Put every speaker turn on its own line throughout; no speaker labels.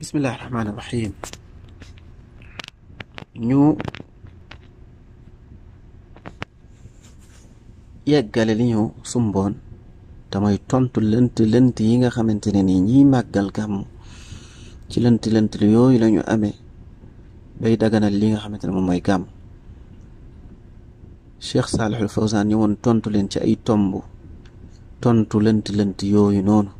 بسم الله الرحمن الرحيم نيو يغال لي نيو سومبون تماي تونت لنت لنت ييغا خامتيني ني ني ماغال كام تي لنت لنت يوي لا نيو امي باي داغانا ليغا خامتيني مو ماي كام شيخ صالح الفوزان يوون تونت لنت اي تومبو تونت لنت لنت يوي نونو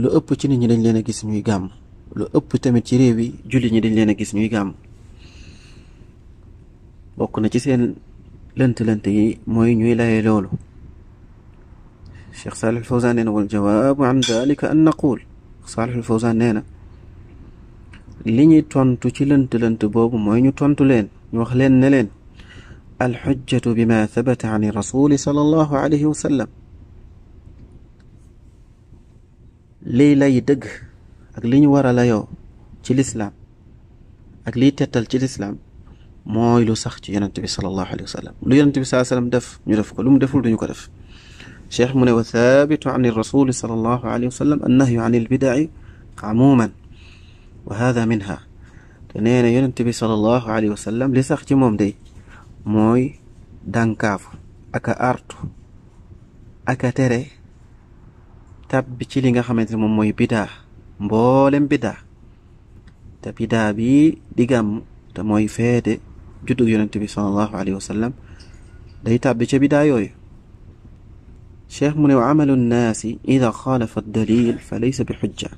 lu ëpp ci nit ñi dañ leen a gis ñuy gàmm lu ëpp tamit ci réew yi jullit ñi dañ leen gis ñuy gàmm bokk na ci seen lënt-lënt yi mooy ñuy laye loolu Cheikh Saalih al-Fawzaan nee na wal jawaabu an dalika an naqul Saalih al na li ñuy tontu ci lënt-lënt boobu mooy ñu tontu leen ñu wax leen ne leen alxujjatu bi ma thabata an rasuli sallallahu alayhi wa sallam ليلاي دغ اك لي ني ورا لا يو تي الاسلام اك لي تيتال تي الاسلام موي لو صح تي يونت بي صلى الله عليه وسلم لو يونت بي صلى الله عليه وسلم داف ني داف كو لوم دافول دنيو كو داف شيخ من وثابت عن الرسول صلى الله عليه وسلم النهي عن البدع عموما وهذا منها تنين يونت بي صلى الله عليه وسلم لي صح تي موم دي موي دانكاف اكا ارتو اكا تري tab bi ci li nga xamanteni mom moy bida bidaa bida ta bida bi digam ta moy fete juddu juddug bi sallallahu alayhi wasallam day tab ci bida yoy cheikh mune ne wa amalu nnaasi ida xaalafa dalil fa laysa bi hujja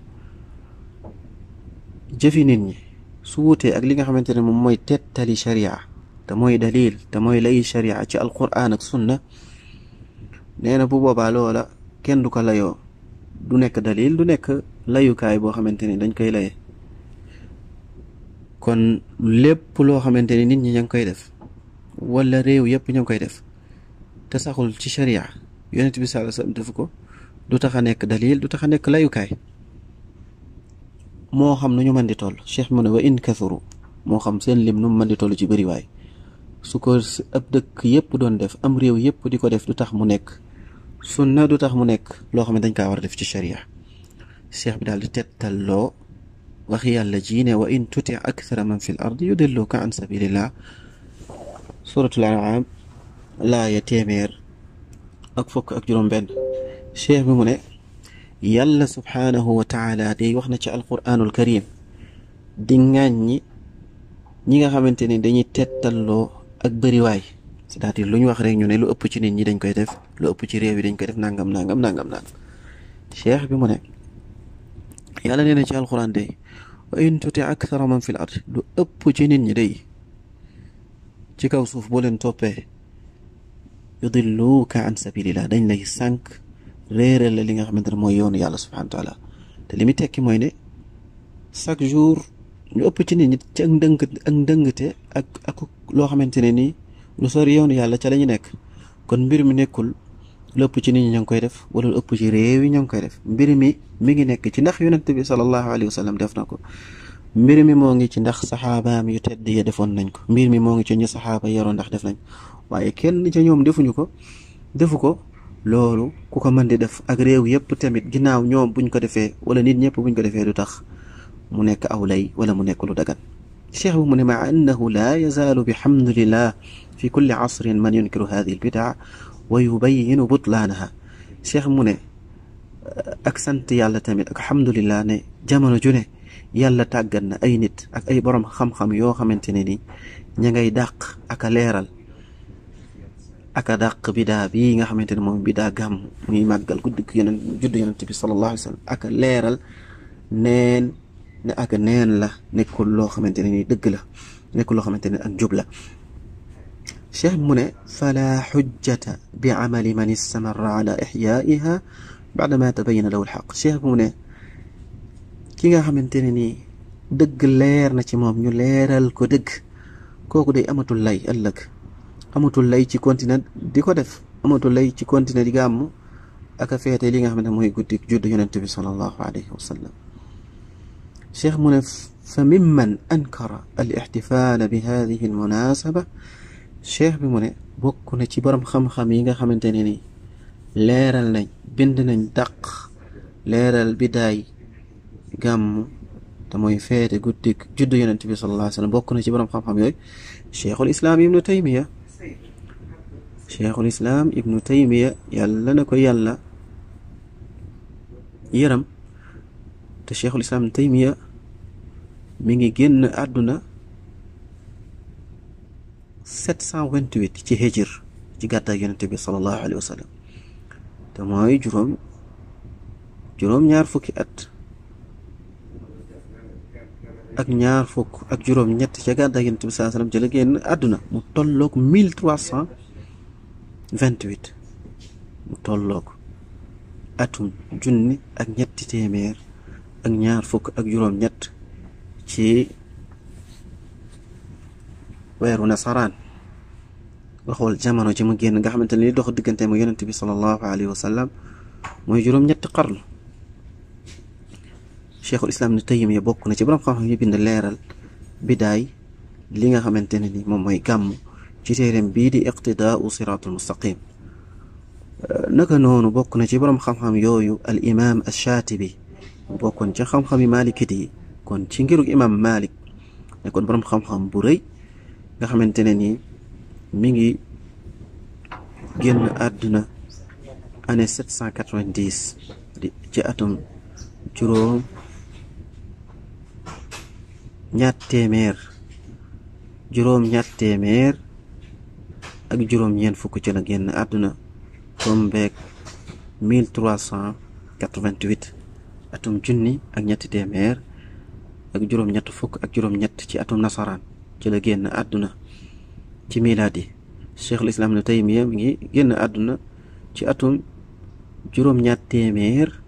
jëfi nit ñi su wuté ak li nga xamanteni mom moy tetali sharia ta moy dalil ta moy lay sharia ci alquran ak sunna neena bu boba lola kenn du ko layoo du nekk dalil du nekk layukaay boo xamante ni dañ koy laye kon lépp loo xamante ni nit ñi ña ngi koy def wala réew yëpp ña ngi koy def te saxul ci sharia yonent bi sallallahu alayhi wasallam def ko du tax a nekk dalil du tax a nekk layukaay moo xam nu ñu mën di toll cheikh mu ne wa in kathuru moo xam seen lim nu mu mën di toll ci bëriwaay su ko ab dëkk yëpp doon def am réew yëpp di ko def du tax mu nekk sunna du tax mu nekk loo xam ne dañ ka war a def ci sharia cheikh bi daal di tettalloo wax yàlla ji ne wa in tuti akthara man fi l ardi yudilluka an sabilillah suratul anam laaya téeméer ak fukk ak juróom benn cheikh bi mu ne yàlla subhaanahu wa taala day wax na ci alquranul karim di ŋàññi ñi ñi nga xamante ne dañuy tettalloo ak bëriwaay c'est-à-dire lu ñu wax rek ñu ne lu ëpp ci nit ñi dañ koy def lu ëpp ci réew yi dañ koy def nangam nangam nangam nangam cheikh bi mu ne yàlla nee na ci alxuraan de wa in tuti akthara lu ëpp ci nit ñi day ci kaw suuf boo leen toppee yudilluuka an sabilillah dañ lay sànq réeral la li nga xamante ne mooy yoonu yàlla subhanahu wa taala te li muy tekki mooy ne chaque jour ñu ëpp ci nit ñi ci ak ndënk ak ak ak loo xamante ne nii lu sori yoonu yàlla ca la nekk kon mbir mi nekkul lu ëpp ci nit ñi ña ngi koy def wala lu ëpp ci réew yi ña ngi koy def mbir mi mi ngi nekk ci ndax yonent bi sallallahu alayhi wa sallam def na ko mbir mi moo ngi ci ndax saxaabaam yu tedd ya defoon nañ ko mbir mi moo ngi ci ñu saxaaba yaroon ndax def nañ waaye kenn ca ñoom defuñu ko defu ko loolu ku ko mën di def ak réew yëpp tamit ginnaaw ñoom buñ ko defee wala nit ñëpp buñ ko defee du tax mu nekk aw lay wala mu nekk lu dagan شيخ مؤمن مع أنه لا يزال بحمد لله في كل عصر من ينكر هذه البدع ويبين بطلانها الشيخ مؤمن أكسنت يالا تامل الحمد لله ني جمال جوني يالا تاغن اي نيت اك اي بروم خم خم يو خامتيني ني نياغي داق اك ليرال اك داق بدا بيغا خامتيني موم بدا غام مي ماغال غود يونت جود يونت بي صلى الله عليه وسلم اك ليرال نين ne ak neen la nekkul loo xamanteni ni dëgg la nekkul loo xamanteni ak njub la cheikh mu ne fala xujjata bi amali man istamara ala ixyaiha baada ma tabayana lahu alxaq cheikh mu ne ki nga xamanteni ni nii dëgg leer na ci moom ñu leeral ko dëgg kooku day amatul lay ëllëg amatul lay ci continent di ko def amatul lay ci continent di gàmm ak a feete li nga xamante mooy guddik judd yonente bi salallahu alayhi wa sallam شيخ منى فممن أنكر الاحتفال بهذه المناسبة شيخ بمنى بوكونا تي برم خم خميغا خمنتيني ليرال ناي بندنا دق ليرال بداي غام تموي فيت غوتيك جود يونتبي صلى الله عليه وسلم بوكونا تي برم خم خم يوي شيخ الاسلام ابن تيميه شيخ الاسلام ابن تيميه يالا نكو يلا يرم te cheikhul islam taymiya mi ngi génn àdduna sept cent ci hijr ci gàddaay yonente bi sallallahu alayhi wa sallam te mooy juróom juróom ñaar fukki at ak ñaar fukk ak juróom ñett ca gàddaay yonente bi sallallahu alayhi wa génn àdduna mu tolloog mille trois cent mu junni ak ñetti téeméer ak ñaar fukk ak juróom-ñett ci weeru nasaraan nga xool jamono ci mu génn nga xamante ne li dox diggante mu yonent bi sallallahu alayhi wa sallam mooy juróom-ñetti xarnu cheikhul islam ni tayim ya bokk na ci borom xam-xam yi bind leeral bidaay li nga xamante ne ni moom mooy gàmm ci téeréem bii di iqtidaau siraatul mustaqim naka noonu bokk na ci borom xam-xam yooyu al imam al shaatibi kon ci xam-xami maalikit yi kon ci ngiru imam malik kon borom xam-xam bu rëy nga xamante ne nii mi ngi génn àdduna année sept cent ci atum juróom ñaar téeméer juróom ñaar ak juróom ñeent fukk ci la génn àdduna tombeek mille trois atum junni ak ñetti témèr ak juroom ñett fukk ak juroom ñett ci atum nasaraan ci la génn àdduna ci miladi cheikh l'islam islam ibnu taymiya mi ngi génn àdduna ci atum juróom ñaar téeméer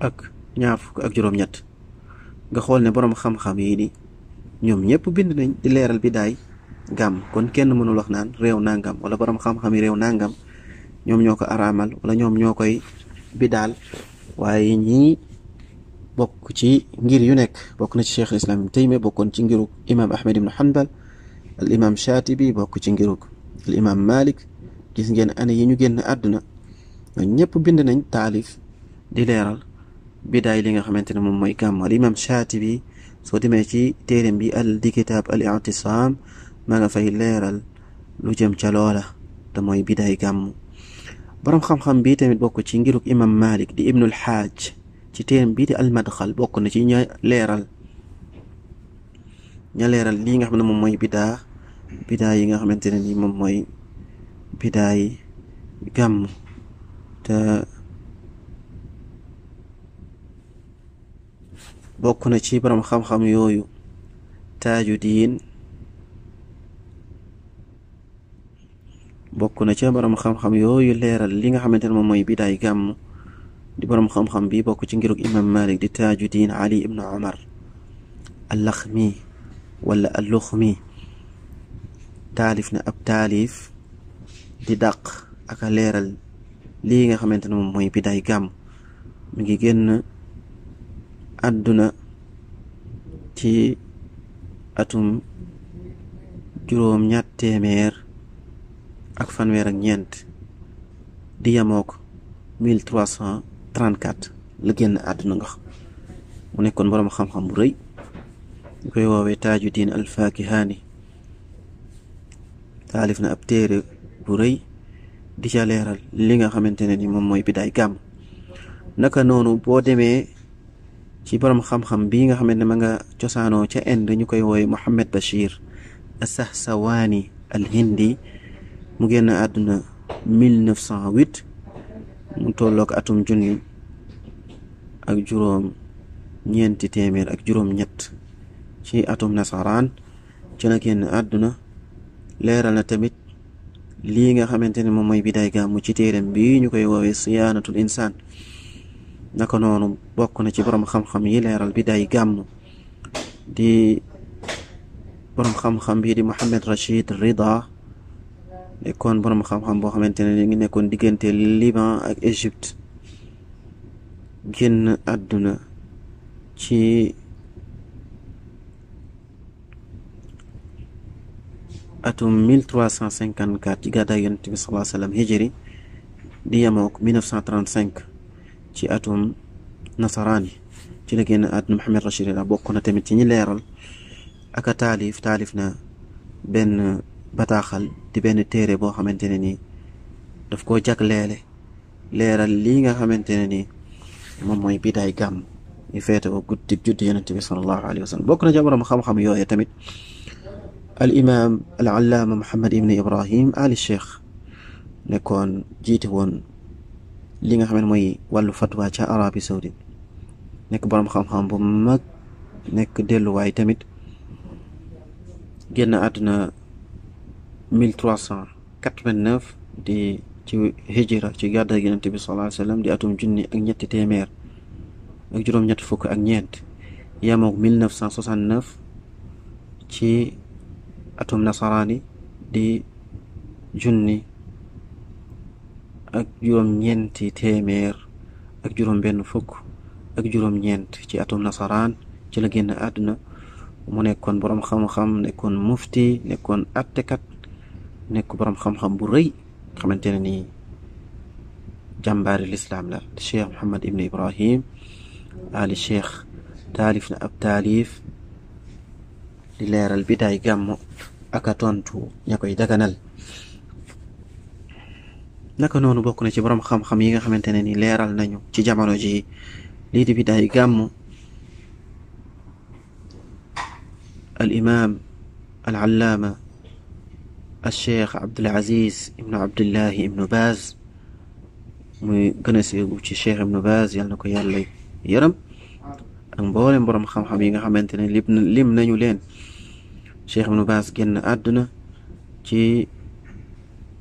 ak ñaar fukk ak juróom ñett nga xool ne borom xam-xam yi ni ñoom ñëpp bind nañ di leeral bi gàmm kon kenn mënul wax naan réew nangam wala borom xam-xam yi réew nangam ñoom ñoo ko araamal wala ñoom ñoo bi daal waaye ñii bokk ci ngir yu nekk bokk na ci cheikh islam ibn taymiya bokkoon ci ngirug imam ahmed ibn hanbal al imam shatibi bokk ci ngirug al imam malik gis ngeen année yi ñu génn àdduna ñëpp bind nañ taalif di leeral bidaay li nga xamante ne moom mooy gàmm al imam bi soo demee ci téeréem bi al di kitaab al maa nga fay leeral lu jëm ca te mooy bidaay gàmm boroom xam-xam bii tamit bokk ci ngiruk imam malik di ibnul xaaj ci téeram bii di almadxal bokk na ci ña leeral ña leeral lii nga xam ne moom mooy bidaa bidaa yi nga xamante ne ni moom mooy bidaa yi gàmm te bokk na ci boroom xam-xam yooyu taaju diin bokk na ca borom xam-xam yooyu leeral li nga xamante ne moom mooy bidaay gàmm di borom xam-xam bi bokk ci ngirug imam malik di taajuddin ali ibnu omar allaxmi walla alluxmi taalif na ab taalif di dàq ak a leeral lii nga xamante ne moom mooy bidaay gàmm mi ngi génn àdduna ci atum juróom ñatt ak fanweer ak ñeent di yamook 1334 la génn àdduna nga mu nekkoon boroom xam-xam bu rëy ñu koy woowee diin Taajudiin Alfaakihaani taalif na ab téere bu rëy di jaleeral li nga xamante ne ni moom mooy bidaay gàmm naka noonu boo demee ci borom xam-xam bii nga xamante ne ma nga cosaanoo ca Inde ñu koy woowee Mohammed Bachir Asahsawaani al Hindi mu génn àdduna 1908 mu tollook atum junni ak juróom ñeenti téeméer ak juróom ñett ci atum nasaraan ci la génn àdduna leeral na tamit lii nga xamante ne moom mooy bidaay gàmmu ci téeram bi ñu koy woowee siyaanatul insaan naka noonu bokk na ci borom xam-xam yi leeral bidaay gàmmu di borom xam-xam bi di Mohamed Rachid Rida nekkoon borom xam-xam boo xamante ne ñu ngi nekkoon diggante Liban ak Égypte génn àdduna ci atum 1354 ci gàddaay yonent bi salaa sallam hijri di yemook 1935 ci atum nasaraan ci la génn àdduna Mohamed Rachid la bokk na tamit ci ñi leeral ak a taalif taalif na benn bataaxal di benn téere boo xamante ne nii daf koo jagleele leeral lii nga xamante ne nii moom mooy bidaay gàmm ñu feete ko guddi juddi yonent bi sallallahu alayhi wa sallam bokk na ca borom xam-xam yooye tamit al imaam al allaama Muhammad ibn Ibrahim ali cheikh nekkoon jiite woon li nga xam ne mooy wàllu fatwa ca Arabie Saoudite nekk borom xam-xam bu mag nekk delluwaay tamit génn àdduna mille trois cent quatre di ci hijra ci gàddaay Yonent bi sallallahu alayhi wa sallam di atum junni ak ñetti téeméer ak juróom fukk ak ñeent yemoog mille neuf cent soixante ci atum nasaraani di junni ak juróom-ñeenti téeméer ak juróom-benn fukk ak juróom-ñeent ci atum nasaraan ci la génn àdduna mu nekkoon boroom xam-xam kon mufti nekkoon attekat nekk borom xam-xam bu rëy xamantene ni jàmbaari lislaam la cheikh mohamad ibn ibrahim ali cheikh taalif na ab taalif di leeral bidaay gàmmu ak a tontu ña koy daganal naka noonu bokk na ci borom xam-xam yi nga xamantene ni leeral nañu ci jamono ji lii di bidaay gàmmu al imam al allaama Cheikh Abdul Aziz ibnu Abdullahi ibnu Baaz muy gën a siiw ci Cheikh ibnu Baaz yal na ko yàlla yaram ak mboolem borom xam-xam yi nga xamante ne lim nañu leen Cheikh ibnu Baaz génn àdduna ci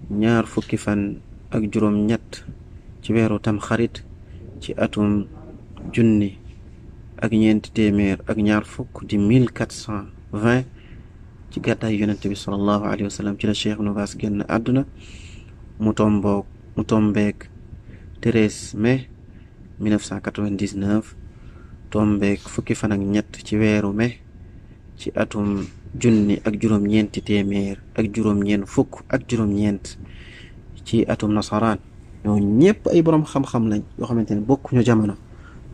ñaar fukki fan ak juróom-ñett ci weeru tamxarit ci atum junni ak ñeenti téeméer ak ñaar fukk ci gàddaay yonent bi sallallahu alayhi wa sallam ci la Cheikh Ibn Baas génn àdduna mu tomboog mu tombeek 13 mai 1999 tombeek fukki fan ak ñett ci weeru mai ci atum junni ak juróom-ñeenti téeméer ak juróom-ñeent fukk ak juróom-ñeent ci atum nasaraan ñoo ñëpp ay borom xam-xam lañ yoo xamante ne bokkuñu jamono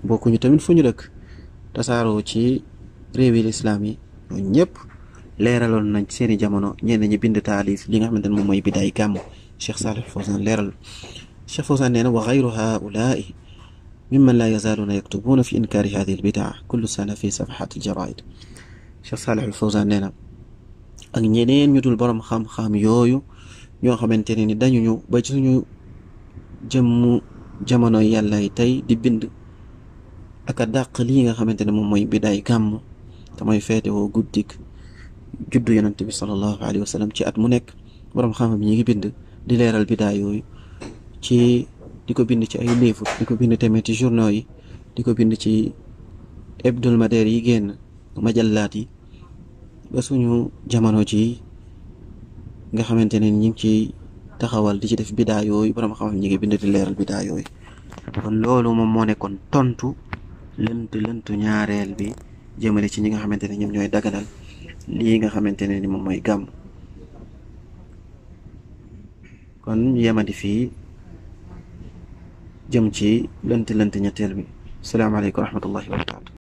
bokkuñu tamit fu ñu dëkk tasaaroo ci réewi lislaam yi ñoo ñëpp leeraloon nañ seen i jamono ñenn ñi bind taalif li nga xamante ne moom mooy bidaay gàmm Cheikh Saalih Fawzan leeral Cheikh Fawzan nee na wa xayru haulaai mimman laa yazaaluuna yaktubuuna fi inkaari haadihi albidaa kullu sana fi safaxaati aljaraid Cheikh Saalih Fawzan nee na ak ñeneen ñu dul borom xam-xam yooyu ñoo xamante ne ni dañuñu ba ci suñu jëmm jamono yàlla tey di bind ak daq dàq lii nga xamante ne moom mooy bidaay gàmm te mooy feete woo guddik juddu yonent bi sallallahu alayhi wa ci at mu nekk borom xam-xam ñi ngi bind di leeral bidaa yooyu ci di ko bind ci ay livre ko bind tamit ci journaux di ko bind ci hebdomadaire yi génn majallaat suñu jamono ji nga xamante ne ñi ngi ci taxawal di ci def bidaa yooyu borom xam-xam ñi ngi bind di leeral bidaa yooyu kon loolu moom moo nekkoon tontu lënt lëntu ñaareel bi jëmale ci ñi nga xamante ne ñoom ñooy daganal lii nga xamante ne ni moom mooy gàmm kon ñu yemadi fii jëm ci lënt lënt ñetteel bi salaamaaleykum wa rahmatullahi wa barakaatu